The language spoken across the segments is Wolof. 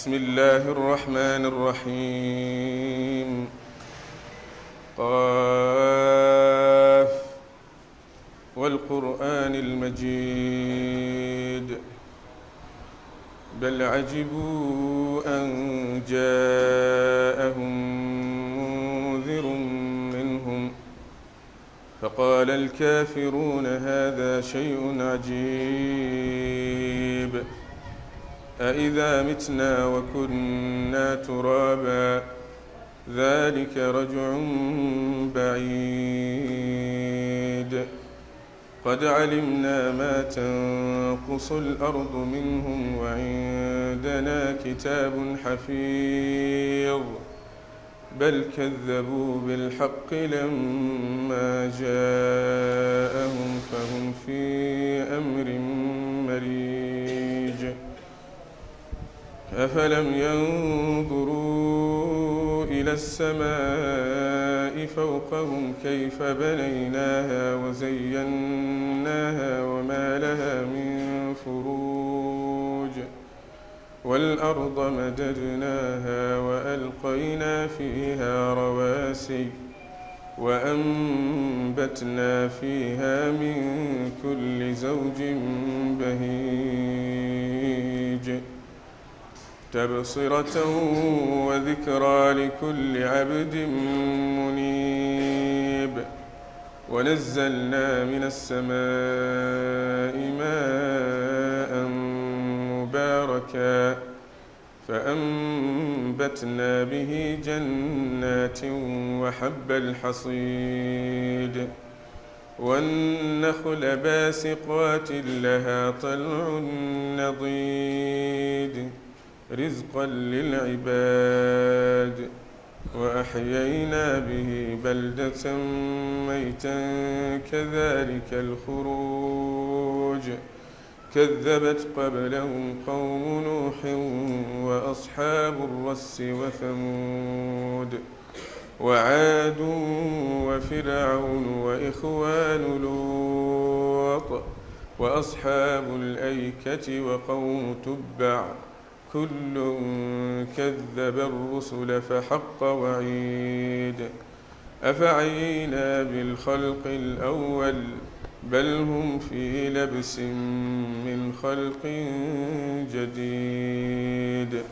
بسم الله الرحمن الرحيم قاف والقرآن المجيد بل عجبوا أن جاءهم منذر منهم فقال الكافرون هذا شيء عجيب أإذا متنا وكنا ترابا ذلك رجع بعيد قد علمنا ما تنقص الأرض منهم وعندنا كتاب حفيظ بل كذبوا بالحق لما جاءهم فهم في أمر أفلم ينظروا إلى السماء فوقهم كيف بنيناها وزيناها وما لها من فروج والأرض مددناها وألقينا فيها رواسي وأنبتنا فيها من كل زوج بهيج تبصرة وذكرى لكل عبد منيب ونزلنا من السماء ماء مباركا فأنبتنا به جنات وحب الحصيد والنخل باسقات لها طلع نضيد رزقا للعباد وأحيينا به بلدة ميتا كذلك الخروج كذبت قبلهم قوم نوح وأصحاب الرس وثمود وعاد وفرعون وإخوان لوط وأصحاب الأيكة وقوم تبع كل كذب الرسل فحق وعيد أفعينا بالخلق الأول بل هم في لبس من خلق جديد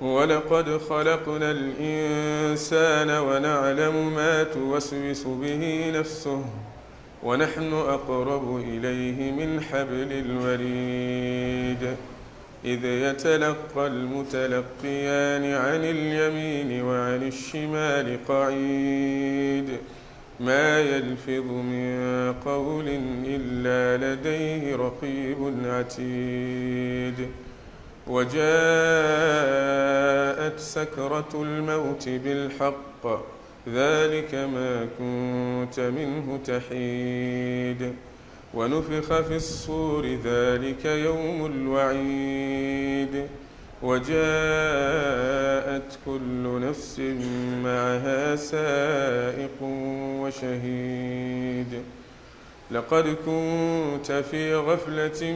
ولقد خلقنا الإنسان ونعلم ما توسوس به نفسه ونحن أقرب إليه من حبل الوريد إذ يتلقى المتلقيان عن اليمين وعن الشمال قعيد ما يلفظ من قول إلا لديه رقيب عتيد وجاءت سكرة الموت بالحق ذلك ما كنت منه تحيد ونفخ في الصور ذلك يوم الوعيد وجاءت كل نفس معها سائق وشهيد لقد كنت في غفلة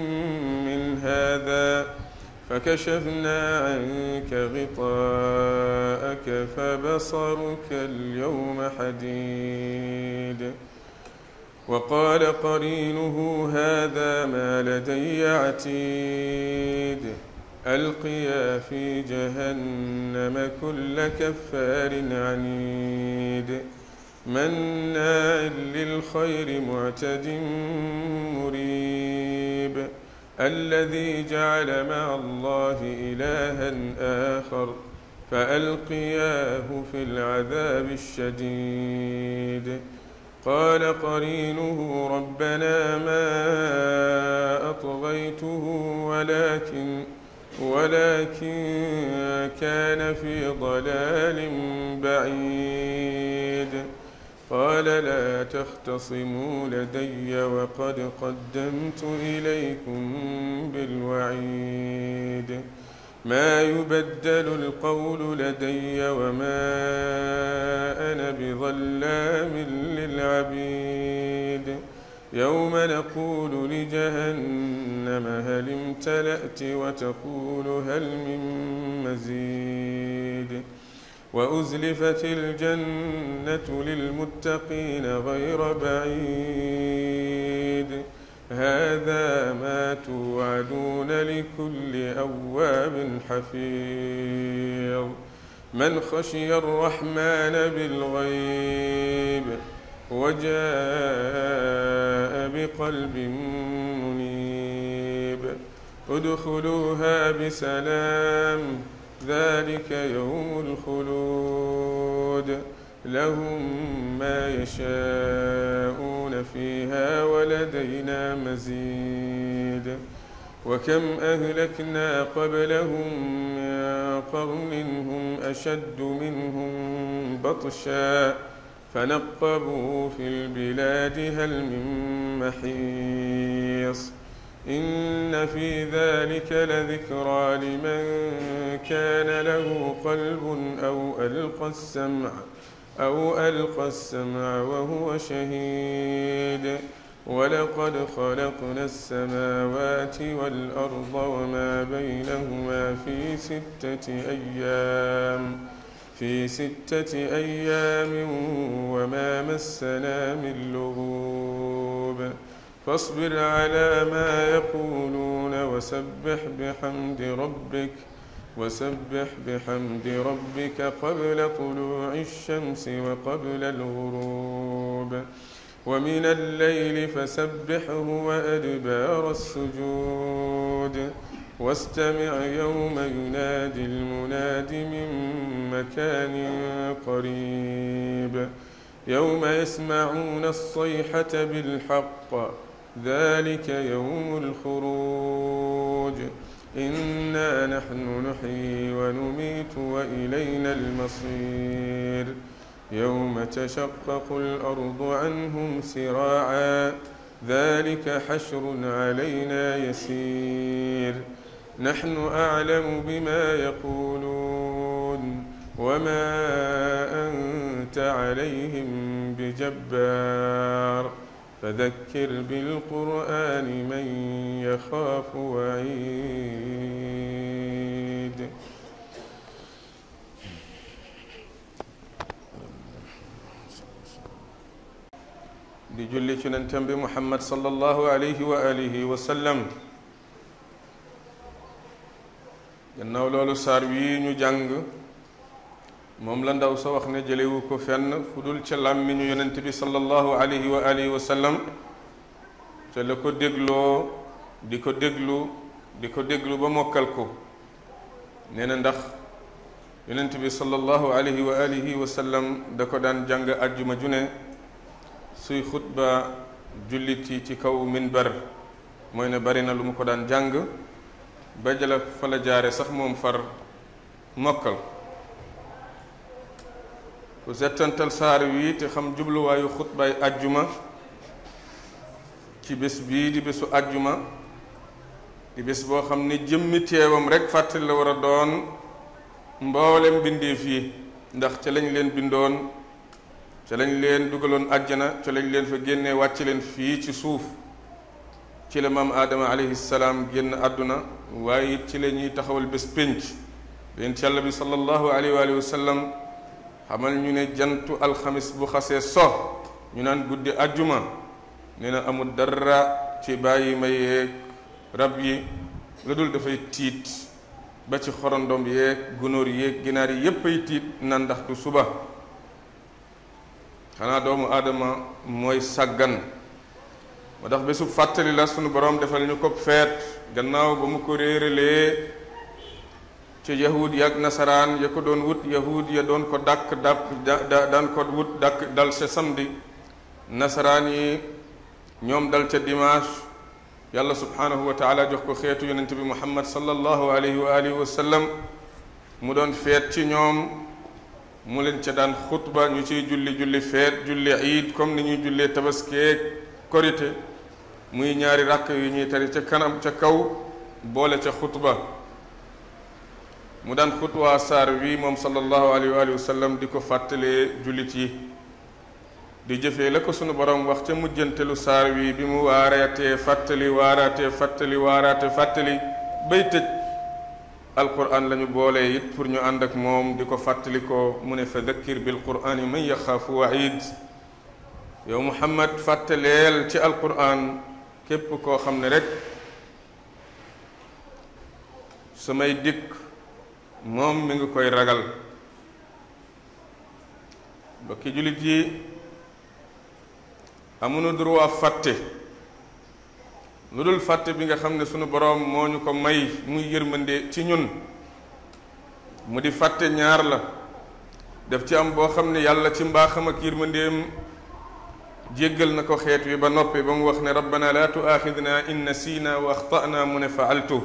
من هذا فكشفنا عنك غطاءك فبصرك اليوم حديد وقال قرينه هذا ما لدي عتيد القيا في جهنم كل كفار عنيد مناع للخير معتد مريب الذي جعل مع الله الها اخر فالقياه في العذاب الشديد قال قرينه ربنا ما أطغيته ولكن ولكن كان في ضلال بعيد قال لا تختصموا لدي وقد قدمت إليكم بالوعيد ما يبدل القول لدي وما أنا بظلام للعبيد يوم نقول لجهنم هل امتلأت وتقول هل من مزيد وأزلفت الجنة للمتقين غير بعيد هذا ما توعدون لكل أواب حفيظ من خشي الرحمن بالغيب وجاء بقلب منيب ادخلوها بسلام ذلك يوم الخلود لهم ما يشاءون فيها ولدينا مزيد وكم أهلكنا قبلهم من قرن هم أشد منهم بطشا فنقبوا في البلاد هل من محيص إن في ذلك لذكرى لمن كان له قلب أو ألقى السمع ۖ أو ألقى السمع وهو شهيد ولقد خلقنا السماوات والأرض وما بينهما في ستة أيام في ستة أيام وما مسنا من لغوب فاصبر على ما يقولون وسبح بحمد ربك ۖ وسبح بحمد ربك قبل طلوع الشمس وقبل الغروب ومن الليل فسبحه وأدبار السجود واستمع يوم ينادي المناد من مكان قريب يوم يسمعون الصيحة بالحق ذلك يوم الخروج إنا نحن نحيي ونميت وإلينا المصير يوم تشقق الأرض عنهم سراعا ذلك حشر علينا يسير نحن أعلم بما يقولون وما أنت عليهم بجبار فذكر بالقرآن من يخاف وعيد di julli ci Yonent bi Muhammad sallallahu alayhi wa alihi wa sallam gannaaw loolu saar wi ñu jàng moom la ndaw sa wax ne jëlewu ko fenn fu dul ca làmmiñu yonent bi sallallahu alayhi wa alihi wa sallam te la ko dégloo di ko déglu di ko déglu ba mokkal ko nee na ndax yonent bi sallallahu alayhi wa alihi wa sallam da ko daan jàng ajjuma ju ne suy xutba jullit yi ci kaw minbar mooy ne bari na lu mu ko daan jàng ba jëla fa la jaare sax moom far mokkal ku settantal saar wi te xam jubluwaayu xutbaay ajjuma ci bés bii di bésu ajjuma di bés boo xam ne jëmmi teewam rekk fàttali la war a doon mboolem bindeef fii ndax ca lañ leen bindoon ca lañ leen dugaloon àjjana ca lañ leen fa génne wàcc leen fii ci suuf ci la maam aadama alayhi salaam génn àdduna waaye it ci la ñuy taxawal bés pénc yonent yàlla bi sallallahu alayhi wa sallam xamal ñu ne jantu alxamis bu xasee so ñu naan guddi ajjuma ne na amul dara ci bàyyi ma rab yi la dul dafay tiit ba ci xorondom yeeg gunóor yeeg ginaar yi yépp ay tiit naan ndax du suba xanaa doomu aadama mooy sàggan moo tax bésu fàttali la sunu borom defal ñu ko feet gannaaw ba mu ko réeralee ca yahud nasaraan ya ko doon wut yahud ya doon ko dakk dàkk daan ko wut dàkk dal ca nasaraan yi ñoom dal ca dimanche yàlla subhaanahu wa jox ko xeetu yonent bi muhammad sallallahu alayhi wa alihi wa sallam mu doon feet ci ñoom mu leen ca daan xutba ñu ci julli julli feet julli iid comme ni ñuy jullee tabaskeeg korite muy ñaari rakk yu ñuy tari ca kanam ca kaw boole ca xutba mu daan xutwaa saar wi moom sallallahu alayhi wa sallam di ko fàttalee jullit yi di jëfee la ko sunu borom wax ca mujjantelu saar wi bi mu waaraatee fàttali waaraatee fàttali waaraatee fàttali bay tëj alquran la ñu boolee it pour ñu ànd ak moom di ko fàttali ko mu ne fa dakkir bil qurani man yaxaafu waid yow muhammad fàttaleel ci alquran képp koo xam ne rek samay dikk moom mi ngi koy ragal mbokki jullit yi amuñu droit fàtte lu dul fàtte bi nga xam ne sunu boroom moo ñu ko may muy yërmande ci ñun mu di fàtte ñaar la def ci am boo xam ne yàlla ci mbaaxam ak yërmandeem jéggal na ko xeet wi ba noppi ba mu wax ne rabbana la tuaaxidna in nasina wa axtana mu ne fa faaltu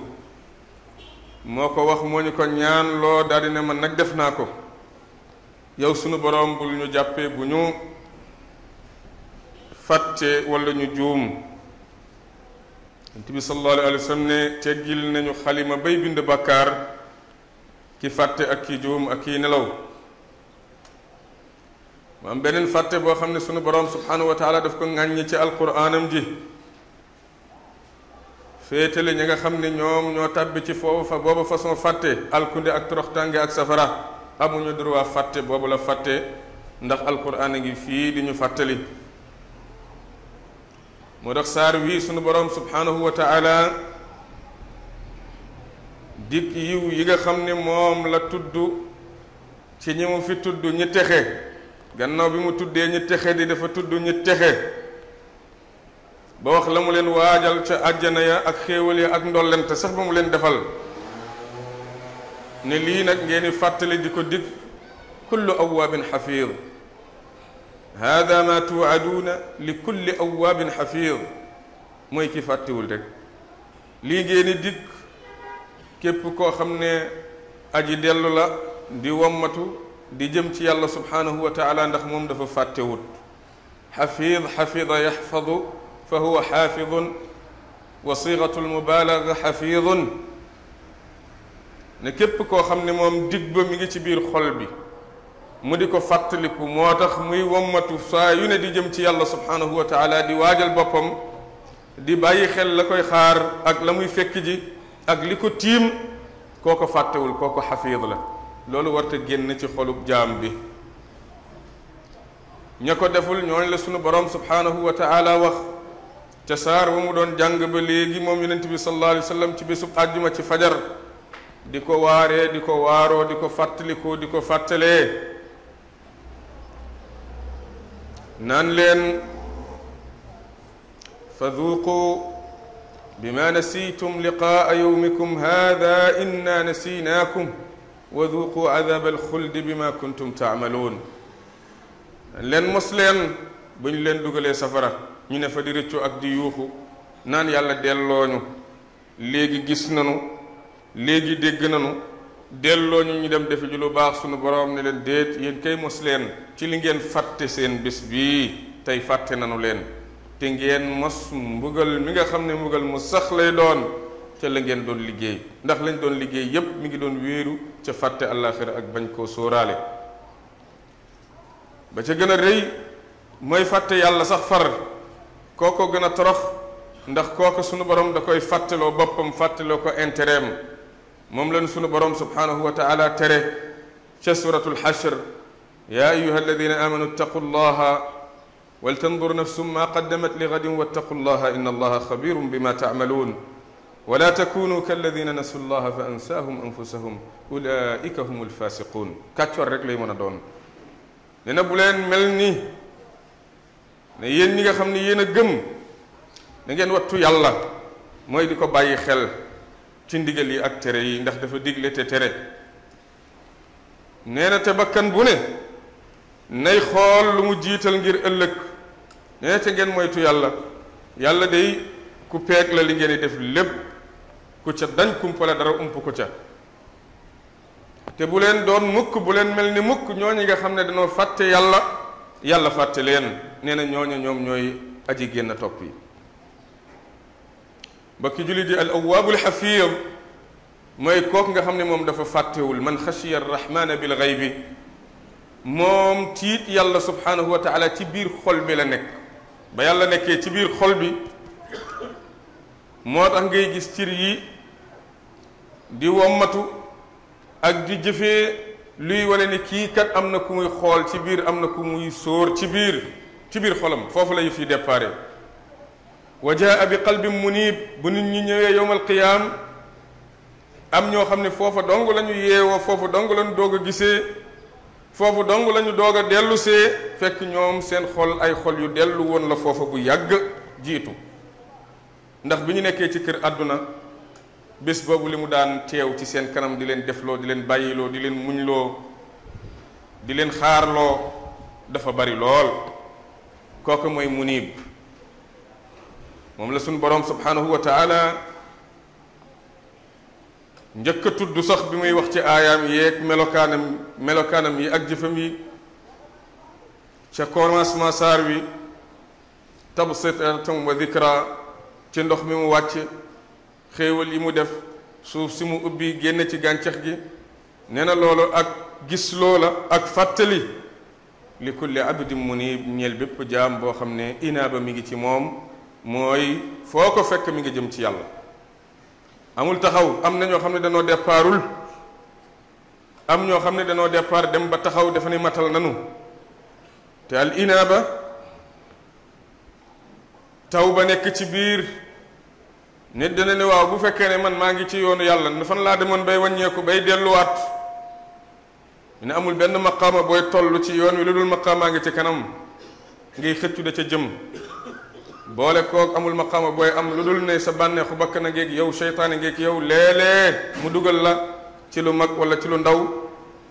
moo ko wax moo ñu ko ñaan loo daldi ne man nag def naa ko yow sunu boroom bul ñu jàppee bu ñu fàtte walla ñu juum yonent bi sallallahu alayhi wa ne teggil nañu xalima bay bind bàkkaar ki fàtte ak ki juum ak ki nelaw mu am beneen fàtte boo xam ne sunu boroom subhaanahu wa taala ko ŋàññi ci alquraanam ji féetale ñi nga xam ne ñoom ñoo tàbbi ci foofu fa boobu façon fàtte alkunde ak toroxtànge ak safara amuñu droit fàtte boobu la fàtte ndax alquran a ngi fii di ñu fàttali moo tax saar wii sunu borom subhanahu wa taala dikk yiw yi nga xam ne moom la tudd ci ñi mu fi tudd ñi texe gannaaw bi mu tuddee ñi texe di dafa tudd ñi texe ba wax la mu leen waajal ca àjjana ya ak xéewal ya ak ndollente sax ba mu leen defal ne lii nag ngeen di di ko dig kullu awaabin xafiir hada ma tuwaaduuna li kulli awaabin xafiir mooy ki fàttiwul rek lii ngeen di dig képp koo xam ne aji dellu la di wommatu di jëm ci yàlla subhaanahu wa taala ndax moom dafa fàttewut xafiid xafida yaxfadu fa huwa xaafidun wa siixatu almubaalaga xafiidun ne képp koo xam ne moom dig ba mi ngi ci biir xol bi mu di ko fàttaliku moo tax muy wommatu saa yu ne di jëm ci yàlla subhaanahu wa taala di waajal boppam di bàyyi xel la koy xaar ak la muy fekk ji ak li ko tiim koo ko fàttewul koo ko xafiid la loolu warta génn ci xolub jaam bi ña ko deful ñooñ la sunu borom subhaanahu wa wax ca saar wa mu doon jàng ba léegi moom yonent bi sallallahu alayhi ci bésub àjjuma ci fajar di ko waaree di ko waaroo di ko fàttalikoo di ko fàttalee naan leen fa duuqu bima nasiitum liqaa yawmikum haada inna nasiinaakum wa duuqu adaaba alxuldi bima kuntum taamaluun bu ñu leen dugalee safara ñu ne fa di rëccoo ak di yuuxu naan yàlla delloo ñu léegi gis nanu léegi dégg nanu delloo ñu ñu dem defi ju lu baax sunu borom ne leen déet yéen kay mos leen ci li ngeen fàtte seen bés bii tey fàtte nanu leen te ngeen mos mbugal mi nga xam ne mbugal mu sax lay doon ca la ngeen doon liggéey ndax lañ doon liggéey yépp mi ngi doon wéeru ca fàtte àllaaxira ak bañ koo sóoraale ba ca gën a rëy mooy fàtte yàlla sax far kooko gën a torox ndax kooko sunu borom da koy fàttaloo boppam fàttaloo ko intérim moom lañ sunu borom subhaanahu wa taala tere ca suratul xashr yaa ayuha alladina amanu ittaqu llaha waltandur nafsum maa qaddamat li gadin wattaqu llaha inna allaha xabirun bima taamaluun wala takunu kalladina nasu llaha fa ansaahum anfusahum ulaika hum alfasiqun kàccoor rek lay mën a doon nee na bu leen mel ni ne yéen ñi nga xam ne yéen a gëm dangeen ngeen wattu yàlla mooy di ko bàyyi xel ci ndigal yi ak tere yi ndax dafa digle te tere neena te bakkan bu ne nay xool lu mu jiital ngir ëllëg nee te ngeen moytu yàlla yàlla day ku peeg la li ngeen di def lépp ku ca dañ kumpale dara ump ku ca te bu leen doon mukk bu leen mel ni mukk ñooñu nga xam ne dañoo fàtte yàlla yàlla fàtte leen nee na ñooñu ñoom ñooy aji génn topp yi mbokki jullit yi al awaabul xafiir mooy kook nga xam ne moom dafa fàttewul man xashiya arrahmana bil xaybi moom tiit yàlla subhaanahu wa taala ci biir xol bi la nekk ba yàlla nekkee ci biir xol bi moo tax ngay gis cir yi di wommatu ak di jëfee luy wane ni kii kat am na ku muy xool ci biir am na ku muy sóor ci biir ci biir xolam foofu la yëf yi déparé wa jaa bi qalbin munib bu nit ñi ñëwee yowmal qiyaam am ñoo xam ne foofa dong la yeewoo foofu dong la doog a gisee foofu dong lañu doog a dellusee fekk ñoom seen xol ay xol yu dellu woon la foofa bu yàgg jiitu ndax bi ñu nekkee ci kër àdduna bés boobu li mu daan teew ci seen kanam di leen defloo di leen bàyyiloo di leen muñloo di leen xaarloo dafa bari lool kooku mooy munib moom la suñ boroom subhaanahu wa taala njëkk a tudd sax bi may wax ci aayaam yeeg melokaanam melokaanam yi ak jëfam yi ca commencement saar wi tabsitatan wa dikra ci ndox mi mu wàcc xéewal yi mu def suuf si mu ubbi génn ci gàncax gi nee na loolu ak gis loola ak fàttali li kulli abdin munib ñeel bépp jaam boo xam ne inaaba mi ngi ci moom mooy foo ko fekk mi ngi jëm ci yàlla amul taxaw am na ñoo xam ne danoo départul am ñoo xam ne danoo départ dem ba taxaw dafa ne matal nanu te al ba taw ba nekk ci biir nit dana ne waaw bu fekkee ne man maa ngi ci yoonu yàlla fan laa demoon bay wàññeeku bay delluwaat ne amul benn maqaama booy toll ci yoon wi lu dul maqaamaa ngi ci kanam ngay xëccu da ca jëm boole koog amul maqaama booy am lu dul ne sa bànneexu bakk na ngeeg yow seytaane ngeeg yow léeg-léeg mu dugal la ci lu mag wala ci lu ndaw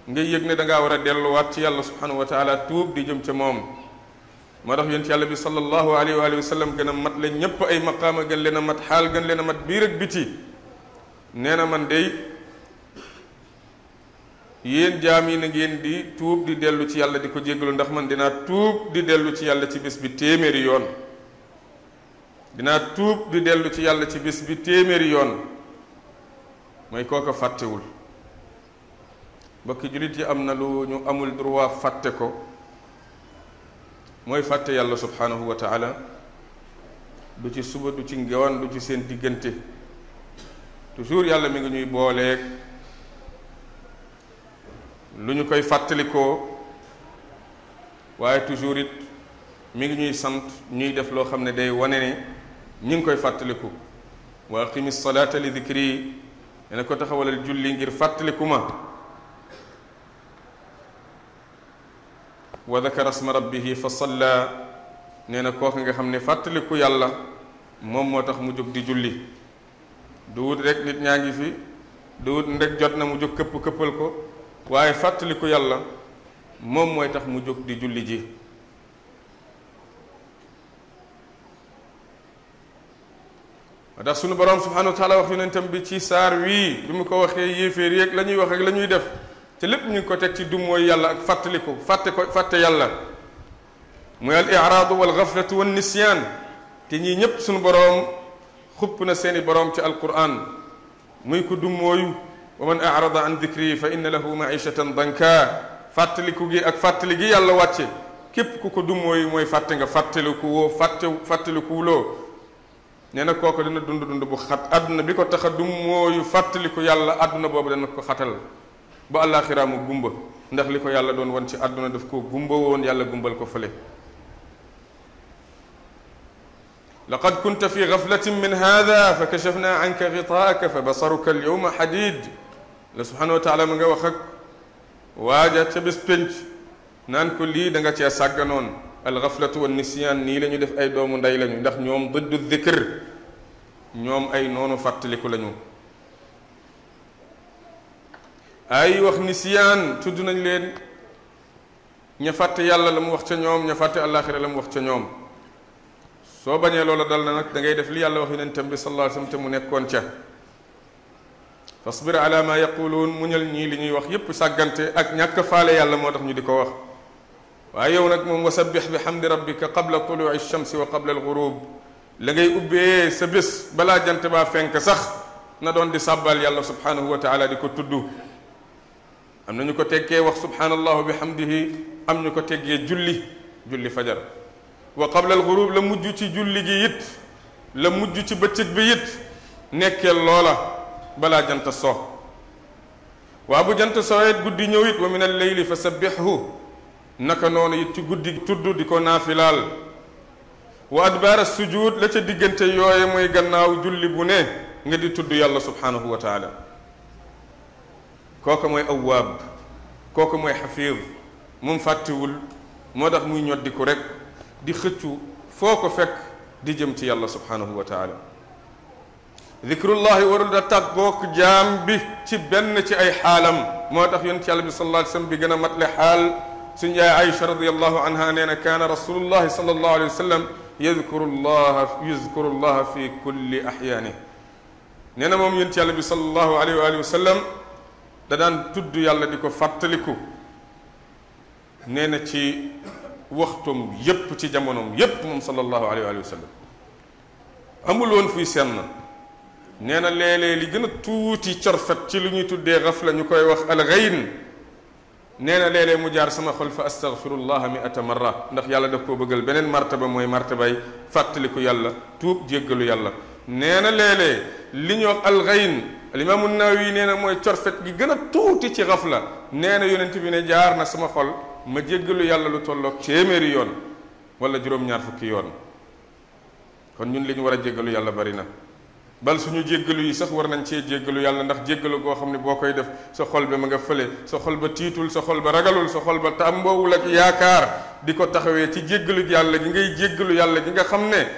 ngay yëg ne da ngaa war a delluwaat ci yàlla subhanahu wa taala tuub di jëm ca moom moo tax ci yàlla bi sallallahu alayhi wa sallam gën a mat leen ñëpp ay maqaama gën leen a mat xaal gën leen a mat biir ak biti nee na man day yéen jaam yi na ngeen di tuub di dellu ci yàlla di ko jéggalu ndax man dinaa tuub di dellu ci yàlla ci bés bi téeméeri yoon dinaa tuub di dellu ci yàlla ci bés bi téeméeri yoon mooy kooka fàttewul mbokki jullit yi am na lu ñu amul droit fàtte ko mooy fàtte yàlla subhanahu wa taala du ci suba du ci ngewan du ci seen diggante toujours yàlla mi ngi ñuy booleeg lu ñu koy fàttalikoo waaye toujours it mu ngi ñuy sant ñuy def loo xam ne day wane ne ñu ngi koy fàttaliku wa aqimi salaata li dikri ne ko taxawalal julli ngir fàttaliku ma wa dakara asma rabbihi fa salla nee na kooku nga xam ne fàttaliku yàlla moom moo tax mu jóg di julli du wut rek nit ñaa ngi fi du wut rek jot na mu jóg këpp këppal ko waaye fàttaliku yàlla moom mooy tax mu jóg di julli ji ndax sunu borom subhanahu wa taala wax yonentam bi ci saar wii bi mu ko waxee yéeféer yeeg la ñuy wax ak lañuy def te lépp ñu ngi ko teg ci dum yàlla ak fàttaliku fàtte ko fàtte yàlla mooy al iraadu wal gaflatu wan nisyaan te ñii ñépp sunu boroom xupp na seeni boroom ci alquran muy ko dummóoyu wa man arada an dikri fa inna lahu maishatan danka fàttaliku gi ak fàttali gi yàlla wàcce képp ku ko dum mooy mooy fàtte nga fàttaliku woo fàtte fàttalikuwuloo nee na kooku dina dund dund bu xat àdduna bi ko tax a dum mooyu fàttaliku yàlla àdduna boobu dana ko xatal ba àllaaxiraa gumba ndax li ko yàlla doon wan ci àdduna daf koo gumba woon yàlla gumbal ko fële laqad kunta fi gaflatin min hada fa kashafna anka gitaaka fa basaruka alyawma xadid la subhanahu wa taala mu nga wax ak waaja ca bés pénc naan ko lii da nga cee sàgganoon alxaflatu wa nisyaan nii la def ay doomu ndey lañu ndax ñoom dëddu dikër ñoom ay noonu fàttaliku lañu ay wax nisyaan tudd nañ leen ña fàtte yàlla la mu wax ca ñoom ña fàtte àllaaxira la mu wax ca ñoom soo bañee loola dal na nag da def li yàlla wax yonentam bi sallallahu alayhi wasallam te mu nekkoon ca fasbir ala ma yaquluun muñal ñii li ñuy wax yépp sàggante ak ñàkk faale yàlla moo tax ñu di ko wax waaye yow nag moom wasabbix bi xamdi rabbika qabla tuluci shamsi wa qabla alxurub la ngay ubbee sa balaa jant baa fenk sax na doon di sàbbal yàlla subhanahu wa di ko tudd am na ñu ko teggee wax subhaanallahu bi xam xamdihi am ñu ko teggee julli julli fajar wa qabla alxurub la mujj ci julli gi it la mujj ci bëccëg bi it nekkee loola balaa jant so waa bu jant sowet guddi ñëw it wa min al leyli fa sabbixhu naka noonu it ci guddi tudd di ko naafilaal wa adbaara sujud la ca diggante yooye mooy gannaaw julli bu ne nga di tudd yàlla subhaanahu wa taala kooku mooy awaab kooku mooy xafiid moom fàttewul moo tax muy ñoddiku rek di xëccu foo ko fekk di jëm ci yàlla subhaanahu wa taala zikrullahi warul da tàggook jaam bi ci benn ci ay xaalam moo tax yonent yàlla bi sallallahu alayhi wa sallam bi gën a matle xaal suñ yaay Aïcha radiyallahu anha nee na kaana rasulullahi sallallahu alayhi wa sallam yadkuru llaha yadkuru llaha fi kulli axyaani nee na moom yonent yàlla bi sallallahu alayhi wa alihi wa sallam da daan tudd yàlla di ko fàttaliku nee na ci waxtum yépp ci jamonoom yépp moom sallallahu alayhi wa alihi wa sallam amul woon fuy senn nee na léeg li gën a tuuti corfet ci li ñuy tuddee xafla ñu koy wax alxayn nee na léeg mu jaar sama xol fa mi miata marra ndax yàlla daf koo bëggal beneen martaba mooy martabay fàttaliku yàlla tuub jéggalu yàlla nee na léeg-léeg li ñuy wax alxayn alimaamu nawawi nee na mooy corfet gi gën a tuuti ci xafla nee na yonent bi ne jaar na sama xol ma jéggalu yàlla lu tollook céeméeri yoon wala juróom-ñaar fukki yoon kon ñun li ñu war a jéggalu yàlla bari na bal suñu jéggalu yi sax war nañ cee jéggalu yàlla ndax jéggalu goo xam ne boo koy def sa xol ba ma nga fële sa xol ba tiitul sa xol ba ragalul sa xol ba tàmboowul ak yaakaar di ko taxawee ci jéggalu yàlla gi ngay jéggalu yàlla gi nga xam ne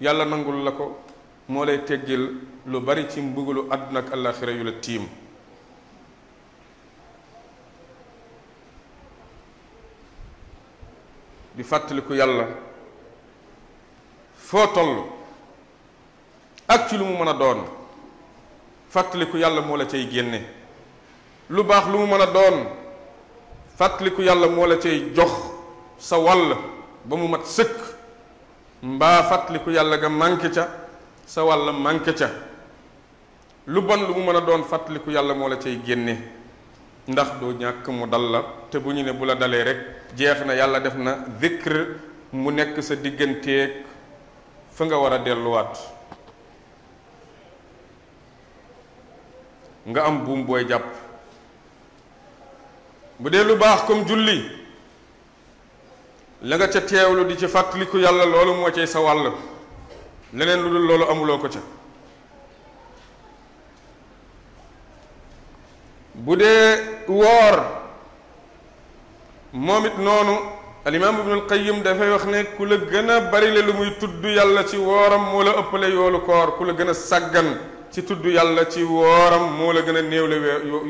yàlla nangul la ko moo lay teggil lu bari ci mbugalu àdduna ak àllaaxira yu la tiim di fàttaliku yàlla foo toll ak ci lu mu mën a doon fàttaliku yàlla moo la cay génne lu baax lu mu mën a doon fàttaliku yàlla moo la cay jox sa wàll ba mu mat sëkk mbaa fàttaliku yàlla nga manqué ca sa wàll manqué ca lu bon lu mu mën a doon fàttaliku yàlla moo la cay génne ndax doo ñàkk mu dal la te bu ñu ne bu la dalee rek jeex na yàlla def na zikr mu nekk sa digganteeg fa nga war a delluwaat nga am buum booy jàpp bu dee lu baax comme julli la nga ca teewlu di ci fàttaliku yàlla loolu moo cay sa wàll leneen lu dul loolu amuloo ko ca bu dee woor moom it noonu alimaam ibnul qayyim dafay wax ne ku la gën a bari la lu muy tudd yàlla ci wooram moo la ëppale yoolu koor ku la gën a sàggan ci tudd yàlla ci wooram moo la gën a néew la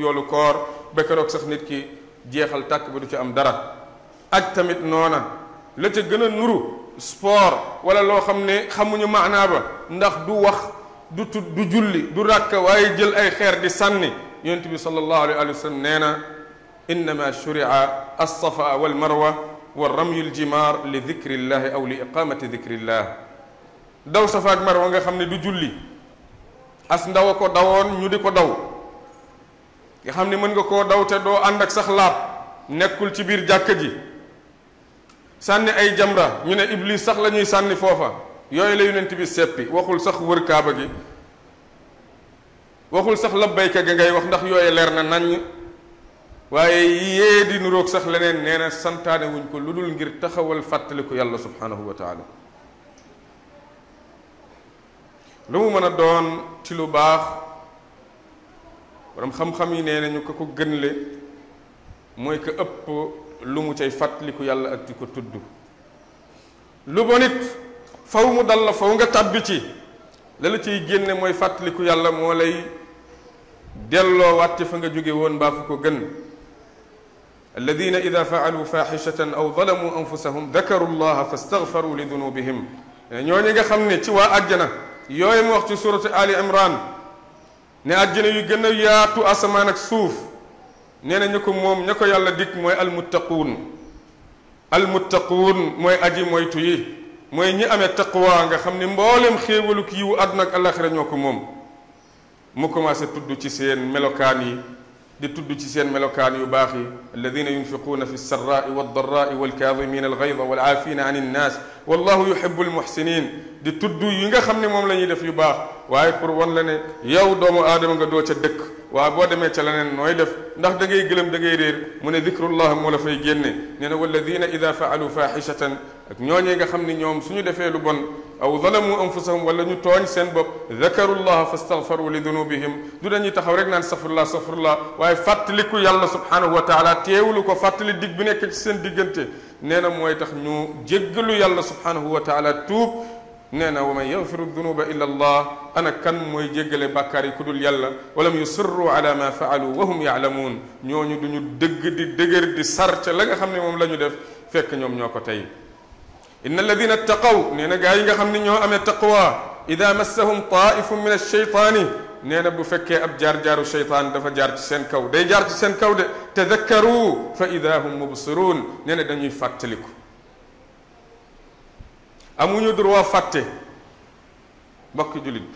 yoolu koor ba keroog sax nit ki jeexal tàkk ba du ci am dara aj tamit noona la ca gën a nuru sport wala loo xam ne xamuñu ma ba ndax du wax du tudd du julli du ràkk waaye jël ay xeer di sànni yonent bi sallallahu alayhi wa sallam nee na innama shuria alsafa walmarwa wa ramyu ljimaar li dikrillahi aw li iqamati dikrillah daw safaak marwa nga xam ne du julli as ndaw a ko dawoon ñu di ko daw nga xam ni mën nga koo daw te doo ànd ak sax laab nekkul ci biir jàkka ji sànni ay jamra ñu ne iblis sax la ñuy sànni foofa yooyu la yonent bi seppi waxul sax wër kaaba gi waxul sax labbayka ga ngay wax ndax yooyu leer na naññ waaye yee di nuroog sax leneen nee na wuñ ko lu dul ngir taxawal fàttaliku yàlla subhanahu wa taala lu mu mën a doon ci lu baax borom xam-xam yi nee nañu ko ko gënle mooy ko ëpp lu mu cay fàttaliku yàlla ak di ko tudd lu bon it faw mu dal la faw nga tàbbi ci la la ciy génne mooy fàttaliku yàlla moo lay delloo wàtte fa nga jóge woon baa fu ko gën alladina ida faalu faxishatan aw dalamu anfusahum dakaru llaha fa staxfaru li dunubihim ñoo ñi nga xam ne ci waa àjjana yooyu mu wax ci suratu ali imran ne àjjana yu gën a yaatu asamaan ak suuf nee na ñu ko moom ña ko yàlla dikk mooy almuttaquun almuttaquun mooy aji moytu yi mooy ñi amee taqwa nga xam ni mboolem xéewalu kiiwu àdduna ak alaxira ñoo ko moom mu commencé tudd ci seen melokaan yi di tudd ci seen melokaan yu baax yi alladina yunfiquuna fi lsarraai waldarraai walkaadimina algayda walaafina an innaas wallahu yuhibu almuxsinin di tudd yi nga xam ne moom la ñuy def yu baax waaye pour wan la ne yow doomu aadama nga doo ca dëkk waaw boo demee ca leneen nooy def ndax da ngay gëlëm da ngay mu ne dicrullah moo la fay génne nee na walladina ida faalu faaxishatan ak ñooñee nga xam ni ñoom suñu defee lu bon aw zalamu anfusahum wala ñu tooñ seen bopp dakarullaha fastaghfaru li dunubihim du dañuy taxaw rek naan safrullah safrullah waaye fàttaliku yàlla subhanahu wa taala teewulu ko fàttali dig bi nekk ci seen diggante nee na mooy tax ñu jéggalu yàlla subhanahu wa taala tuub nee na wa man yaghfiru dunuba illa allah ana kan mooy jéggale bàkkaar yi ku dul yàlla walam yusirru ala ma faalu wa hum yaalamuun ñooñu duñu dëgg di dëgër di sar ca la nga xam ne moom la ñu def fekk ñoom ñoo ko tey inna alladina taqaw nee na gaa yi nga xam ne ñoo amee taqwa ida massahum taifum min alcheytaani nee na bu fekkee ab jaar-jaaru cheytaan dafa jaar ci seen kaw day jaar ci seen kaw de tadakkaru fa ida hum mubsiruun nee na dañuy fàttaliku amuñu droit fàtte mbokk julit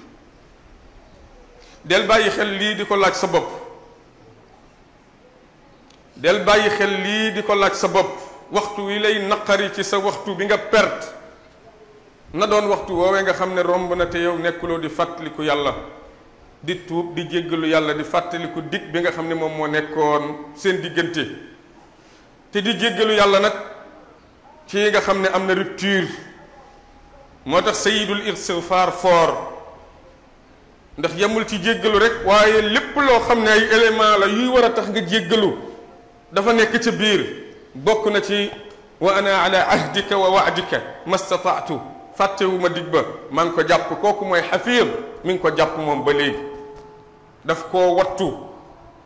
del bàyyi xel lii di ko laaj sa bopp del bàyyi xel lii di ko laaj sa bopp waxtu wi lay naqari ci sa waxtu bi nga perte na doon waxtu woowee nga xam ne romb na te yow nekkuloo di fàttaliku yàlla di tuub di jéggalu yàlla di fàttaliku dig bi nga xam ne moom moo nekkoon seen diggante te di jéggalu yàlla nag ci nga xam ne am na rupture moo tax sayidul istighfar fort ndax yemul ci jéggalu rek waaye lépp loo xam ne ay élément la yuy war a tax nga jéggalu dafa nekk ca biir bokk na ci wa ana ala ahdika wa waadika mastataatu fàttewu ma dig ba man ko jàpp kooku mooy xafiir mi ngi ko jàpp moom ba léegi daf koo wattu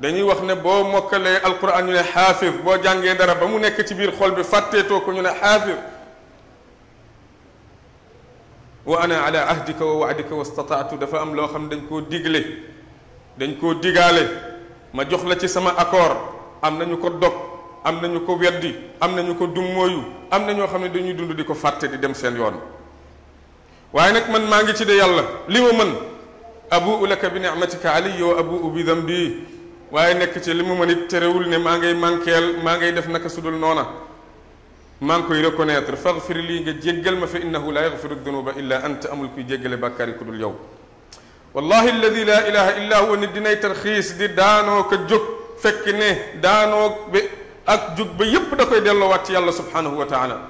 dañuy wax ne boo mokkalee alquran ñu ne xaafir boo jàngee dara ba mu nekk ci biir xol bi fàtteetoo ko ñu ne xaafir wa ana ala ahdika wa waadika wastataatu dafa am loo xam dañ koo digle dañ koo digaale ma jox la ci sama accord am nañu ko dog am nañu ko weddi am nañu ko dummóoyu am na ñoo xam ne dañuy dund di ko fàtte di dem seen yoon waaye nag man maa ngi ci de yàlla li ma mën abu laka bi ni'matika ali yow abu bi waaye nekk ci li ma mën it terewul ne maa ngay manqueel maa ngi def naka sudul noona maa ngi koy reconnaître faghfir lii nga jéggal ma fa innahu la yaghfiru dunuba illa anta amul kuy jéggale bàkkaar yi ku dul yow wallahi alladi laa ilaha illa huwa nit dinay tarxiis di daanoo ko jóg fekk ne daanoo be ak jóg ba yépp da koy delloowaat ci yàlla subhanahu wa taala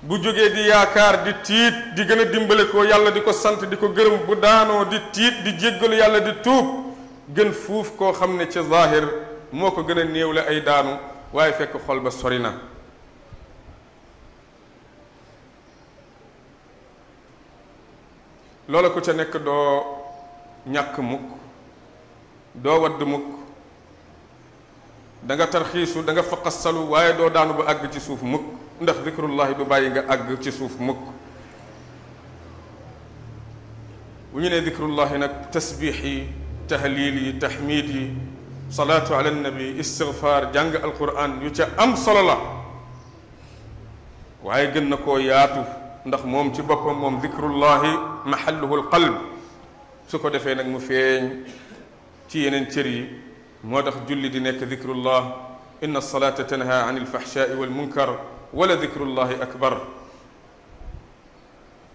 bu jógee di yaakaar di tiit di gën a dimbale yàlla di ko sant di ko gërëm bu daanoo di tiit di jéggalu yàlla di tuub gën fuuf koo xam ne ci zaahir moo ko gën a néewle ay daanu waaye fekk xol ba sori na loola ku ca nekk doo ñàkk mukk doo wadd mukk danga nga tarxiisu da nga faqassalu waaye doo daanu bu àgg ci suuf mukk ndax zikrullahi du bàyyi nga àgg ci suuf mukk bu ñu nee zikrullahi nag tasbiix yi tahliil yi taxmiid yi salaatu ala nabi istigfaar jàng alquran yu ca am solo la waaye gën na koo yaatu ndax moom ci boppam moom zikrullahi mahalluhu alqalb su ko defee nag mu feeñ ci yeneen cër yi moo tax julli di nekk dikrullah inna alsalata tanha an alfaxshaai walmunkar wala dikrullahi akbar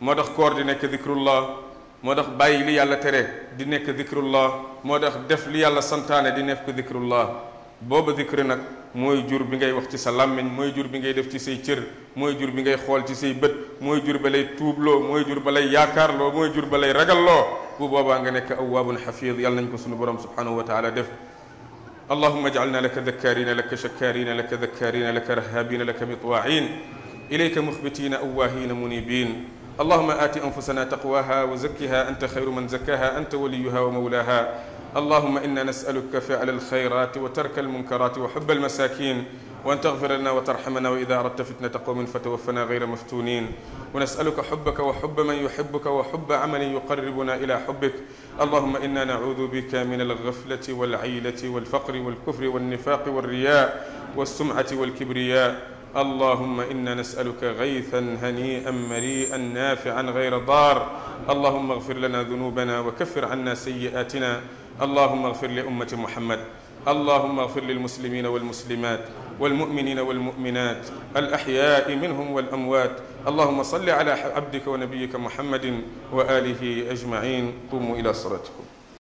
moo tax koor di nekk moo tax bàyyi li yàlla tere di nekk dikrullah moo tax def li yàlla santaane di nekk dikrullah booba dikr nag mooy jur bi ngay wax ci sa làmmiñ mooy jur bi ngay def ci say cër mooy jur bi ngay xool ci say bët mooy jur ba lay tuubloo mooy jur ba lay yaakaarloo mooy jur ba lay ragalloo bu boobaa nga nekk awaabun xafiid yàlla nañ ko sunu borom subhanahu wa taala def اللهم اجعلنا لك ذكارين لك شكارين لك ذكارين لك رهابين لك مطواعين إليك مخبتين أواهين منيبين اللهم آت أنفسنا تقواها وزكها أنت خير من زكاها أنت وليها ومولاها اللهم إنا نسألك فعل الخيرات وترك المنكرات وحب المساكين وأن تغفر لنا وترحمنا وإذا أردت فتنة قوم فتوفنا غير مفتونين ونسألك حبك وحب من يحبك وحب عمل يقربنا إلى حبك اللهم إنا نعوذ بك من الغفلة والعيلة والفقر والكفر والنفاق والرياء والسمعة والكبرياء اللهم انا نسالك غيثا هنيئا مريئا نافعا غير ضار اللهم اغفر لنا ذنوبنا وكفر عنا سيئاتنا allahuma agfir li ummati muhammad allahuma agfir lilmuslimina walmuslimat والمؤمنين والمؤمنات الأحياء منهم والأموات اللهم صل على عبدك ونبيك محمد وآله أجمعين قوموا إلى صلاتكم